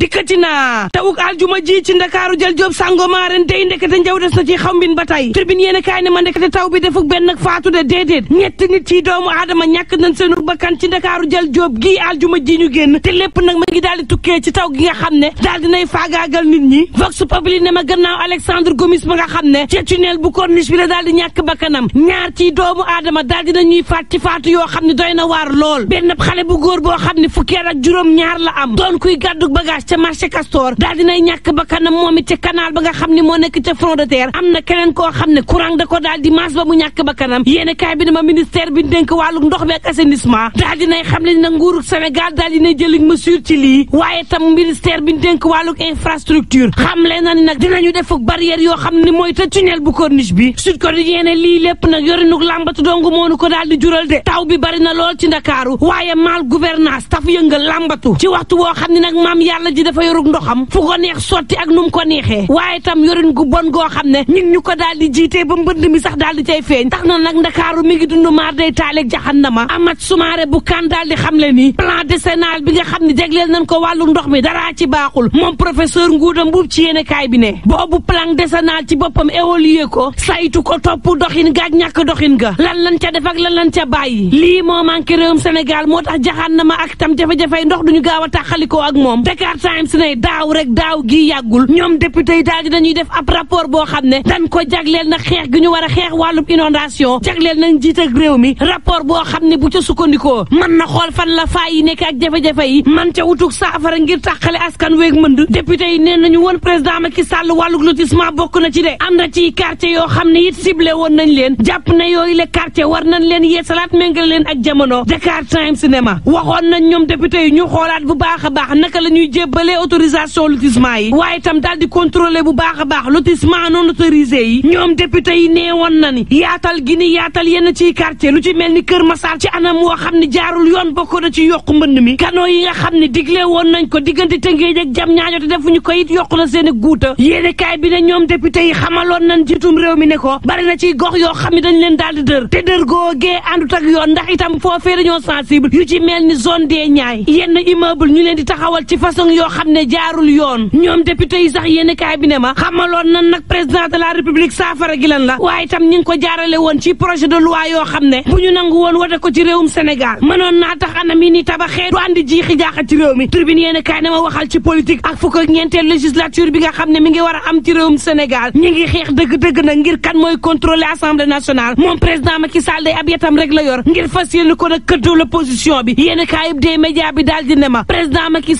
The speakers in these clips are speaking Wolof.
dikkati naa tawuk aljuma ji ci ndakaaru jël joob sàngomaaren day ndekete njaw des na ci xaw mbin ba tey tribune yéen kaay ne ma ndekete taw bi defuk benn faatu de déedéet ñett nit ci doomu aadama ñàkk nañ seenu bakkan ci ndakaaru jël joob gii aljuma ji ñu génn te lépp nag ma ngi daal di tukkee ci taw gi nga xam ne daal dinay faagaagal nit ñi vox populi ne ma gannaaw Alexandre Gomis ba nga xam ne ca tunnel bu corniche bi la daal di ñàkk bakkanam ñaar ci doomu aadama daal dinañuy faat ci faatu yoo xam ne doy na waar lool benn xale bu góor boo xam ne fukki at juróom ñaar la am doon kuy gàddu bagage ca marché Castor daal dinay ñàkk bakkanam moom it canal ba nga xam ne moo nekk ca front am na keneen koo xam ne courant da ko daal di maas ba mu ñàkk bakkanam yéen kaay bi ne ma ministère bi dénk wàllu ndox bi ak assainissement daal dinay xam ne na nguuru Sénégal daal dinay jëli mesure ci lii waaye tam ministère bi dénk wàllu infrastructure xam le na ni nag ñu def barrière yoo xam ne mooy te tunnel bu corniche bi sud ko di yéene lii lépp nag yorinuk làmbatu dong moonu ko daal di jural de taw bi bari na lool ci ndakaaru waaye mal gouvernance taf yëngal làmbatu ci waxtu woo xam ne nag maam ji dafa yorug ndoxam fu ko neex sotti ak nu ko neexee waaye tam yorin gu bon goo xam ne ñun ñu ko daal di jiitee ba mbënd mi sax daal di cay feeñ tax na nag ndakaaru mi ngi dund maar day taaleeg jaxannama amat sumaare bu kan daal di xam le ni plan décennal bi nga xam ne jagleel nañ ko wàllu ndox mi daraa ci baaxul moom professeur Ngouda Mboup ci yéenekaay bi ne boobu plan décennal ci boppam évolué ko saytu ko topp doxin gaaj ñàkk doxin ga lan lan ca def ak lan lan ca bàyyi lii moo manqué réewum Sénégal moo tax jaxannama ak tam jafe-jafey ndox duñu gaaw a tàqalikoo ak moom Dakar Times ne daaw rek daaw gi yàggul ñoom député yi daal dañuy def ab rapport boo xam ne dañ ko jagleel na xeex gi ñu war a xeex wàllum inondation jagleel nañ jiit ak réew mi rapport boo xam ne bu ca sukkandikoo mën na xool fan la faa yi nekk ak jafe-jafe yi man ca wutug saafara ngir tàqale askan weeg mënd député yi nee nañu woon président Macky Sall wàllug lotissement bokk na ci de am na ci quartier yoo xam ne it ciblé woon nañ leen jàpp ne yooyu le quartier war nañ leen yeesalaat méngale leen ak jamono Dakar Times Cinéma waxoon nañ ñoom député yi ñu xoolaat bu baax a baax rappeler autorisation lotissement yi waaye itam daal di contrôler bu baax baax lotissement non autorisé yi ñoom député yi nee woon na yaatal gi ni yaatal yenn ciy quartier lu ci mel ni Kër Massar ci anam woo xam ni jaarul yoon bokk na ci yokku mbënd mi kano yi nga xam ni digle woon nañ ko diggante Tëngéej ak jam ñaaño te defuñu ko it yokku na seen i guuta yéene kaay bi ne ñoom député yi xamaloon nañ jitum réew mi ne ko bari na ci gox yoo xam ne dañ leen daal di dër te dër googee àndut ak yoon ndax itam foofee dañoo sensible yu ci mel ni zone des yoo xam ne jaarul yoon ñoom député yi sax yéen kaay bi ne ma xamaloon nan nag président de la république saafara gi lan la waaye itam ñi ko jaarale woon ci projet de loi yoo xam ne bu ñu nangu woon wote ko ci réewum Sénégal mënoon naa tax anam yi ni tabaxee du andi jiixi jaaxa ci réew mi tribune yéen kaay ne ma waxal ci politique ak fukk ak ñeenteel législature bi nga xam ne mi ngi war a am ci réewum Sénégal ñi ngi xeex dëgg-dëgg na ngir kan mooy contrôler assemblée nationale moom président Macky Sall day ab yetam rek la yor ko nag këddoo l'opposition bi bi daal di ne ma président Macky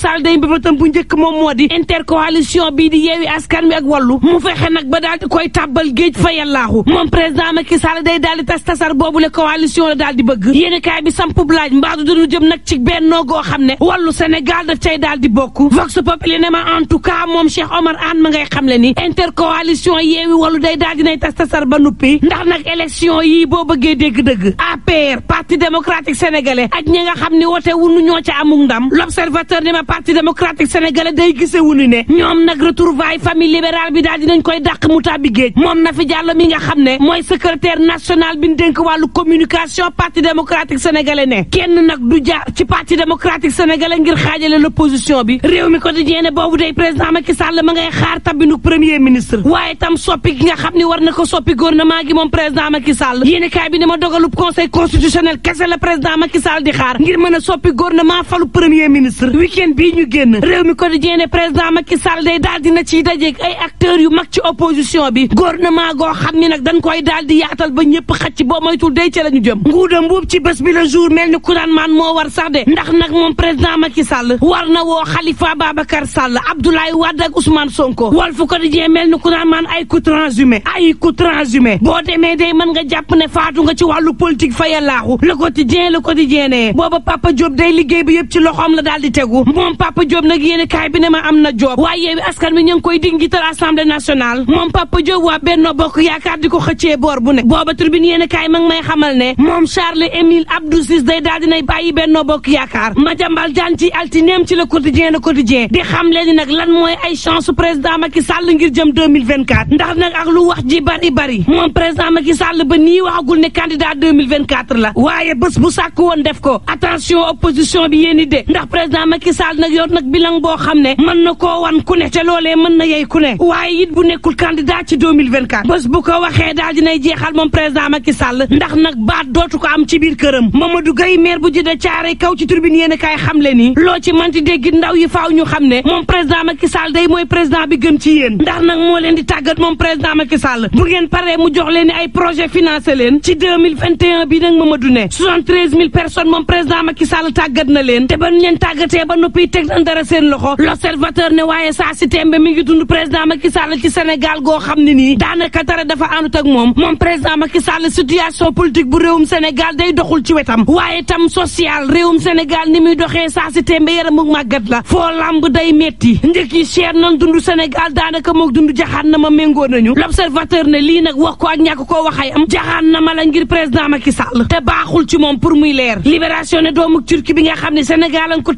xëtam bu njëkk moom moo di intercoalition bii di yeewi askan wi ak wàllu mu fexe nag ba daal di koy tàbbal géej fa yàllaaxu moom président Macky Sall day daal di tas tasar boobu la coalition la daal di bëgg yéeni kaay bi samp laaj mbaadu dañu jëm nag ci bennoo goo xam ne wàllu Sénégal daf cay daal di bokk vox populi ne ma en tout cas moom Cheikh Omar Anne ma ngay xam le ni intercoalition yeewi wàllu day daal dinay tas tasar ba nuppi ndax nag élection yii boo bëggee dégg-dëgg APR parti démocratique sénégalais ak ñi nga xam ni wote wunu ñoo ca amuk ndam l'observateur ne ma parti démocratique démocratique day gise wunu ne ñoom nag retrouvaille famille libérale bi daal nañ koy dàq mu tàbbi géej moom Nafi Diallo mi nga xam ne mooy secrétaire national bi ñu dénk wàllu communication parti démocratique sénégalais ne kenn nag du jaar ci parti démocratique sénégalais ngir xaajale l'opposition bi réew mi quotidien ne boobu day président Macky Sall ma ngay xaar tabbinu premier ministre waaye tam soppi gi nga xam ni war na ko soppi maa gi moom président Macky Sall yéeni kaay bi ne ma dogalub conseil constitutionnel kese la président Macky Sall di xaar ngir mën a soppi gouvernement falu premier ministre week-end bii ñu génn réew mi quotidien ne président Macky Sall day daal dina ciy dajeek ay acteurs yu mag ci opposition bi gouvernement goo xam ni nag dañ koy daal di yaatal ba ñëpp xacc boo moytul day ca la ñu jëm nguuda mbuub ci bés bi le jour mel ni kuraan maan moo war sax de ndax nag moom président Macky Sall war na woo Khalifa Babacar Sall Abdoulaye Wade ak Ousmane Sonko Walf Quotidien mel ni kuraan maan ay coup transhumé ay coup transhumé boo demee day man nga jàpp ne faatu nga ci wàllu politique faya laaxu le quotidien le quotidien ne booba Papa Diop day liggéey bi yëpp ci loxoom la daal di nag yéen kaay bi ne ma am na joob waaye yeewi askan bi ñu ngi koy dingital assemblée nationale moom Papa Diop waa Benno Bokk Yaakaar di ko xëccee boor bu ne booba tribune yéen kaay ma ngi may xamal ne moom Charles Émile Abdou Ciss day daal dinay bàyyi Benno Bokk Yaakaar Madiambal Diagne ci altineem ci le quotidien le quotidien di xam leen nag lan mooy ay chance président Macky ngir jëm 2024 ndax nag ak lu wax ji bari bari moom président Macky bi yéen de ndax bilan ndax nag baat dootu am ci biir këram Mamadou Gueye maire bu jëda caare kaw ci turbine yéen kaay xam le ni loo ci manti dégg ndaw yi faaw ñu xam ne moom président Macky day mooy président bi gën ci yéen ndax nag moo leen di tàggat moom président Macky Sall bu mu jox leen ay projet financé leen ci bi nag Mamadou ne 73000 personnes moom président Macky Sall na leen te ba ñu leen tàggatee ba noppi teg na dara seen loxo l'observateur ne waaye saa si tembe mi ngi dund président Macky Sall ci Sénégal goo xam ne nii daanaka dara dafa àndut ak moom moom président Macky Sall situation politique bu réewum Sénégal day doxul ci wetam waaye tam social réewum Sénégal ni muy doxee saa si tembe yaramu màggat la foo lamb day metti njëkk yi cher nan dund Sénégal daanaka moog dund jaxaan na ma méngoo nañu l'observateur ne lii nag wax ko ak ñàkk koo waxay am jaxaan na ma la ngir président Macky Sall te baaxul ci moom pour muy leer libération ne doomu Turquie bi nga xam ne Sénégal lañ ko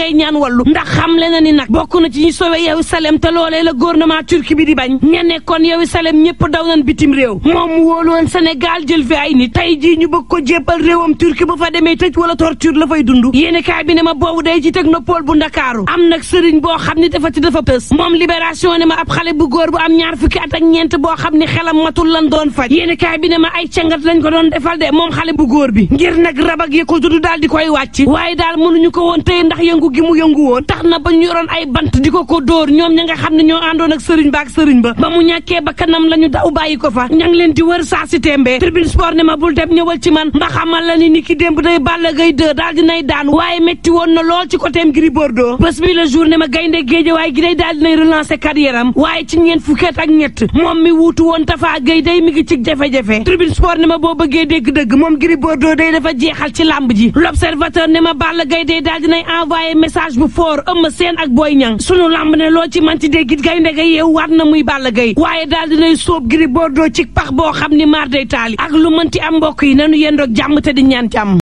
ngay ñaan wàllu ndax xam le na ni nag bokk na ci ñu sowe Yeewi Salem te loolee la gouvernement turki bi di bañ ña nekkoon Yeewi Salem ñëpp daw nañ bitim réew moom mu wóolu woon Sénégal jël fi ay nit tey jii ñu bëgg ko jéppal réewam turki ba fa demee tëj wala torture la fay dund yéene kaay bi ne ma boobu day ci technopole bu ndakaaru am nag sëriñ boo xam ne dafa ci dafa pës moom libération ne ma ab xale bu góor bu am ñaar fukki at ak ñeent boo xam ne xelam matul lan doon faj yéene kaay bi ne ma ay cangat lañ ko doon defal de moom xale bu góor bi ngir nag rabak yi ko tudd daal di ko woon tey ndax yëngu yëngu gi mu yëngu woon tax na ba ñu yoroon ay bant di ko ko dóor ñoom ña xam ne ñoo àndoon ak sëriñ ba ak sëriñ ba ba mu ñàkkee ba kanam la daw bàyyi ko fa ña leen di wër saa si tribune sport ne ma bul dem ñëwal ci man mba xamal la ni ni ki day Balla Gaye 2 daal dinay daan waaye métti woon na lool ci côté Gris Bordeaux bés bi le jour ne ma gaynde géejawaay gi day daal dinay relancer carrière waaye ci ñeent fukkeet ak ñett moom mi wuutu woon message bu fort Eumeu seen ak booy Niang sunu làmb ne loo ci manti git gaynde gay yeewu waat na muy Balla gay waaye daal dinay sóob boo doo ci pax boo xam ni maar day taali ak lu mënti am mbokk yi nanu yendoog jàmm te di ñaan jàmm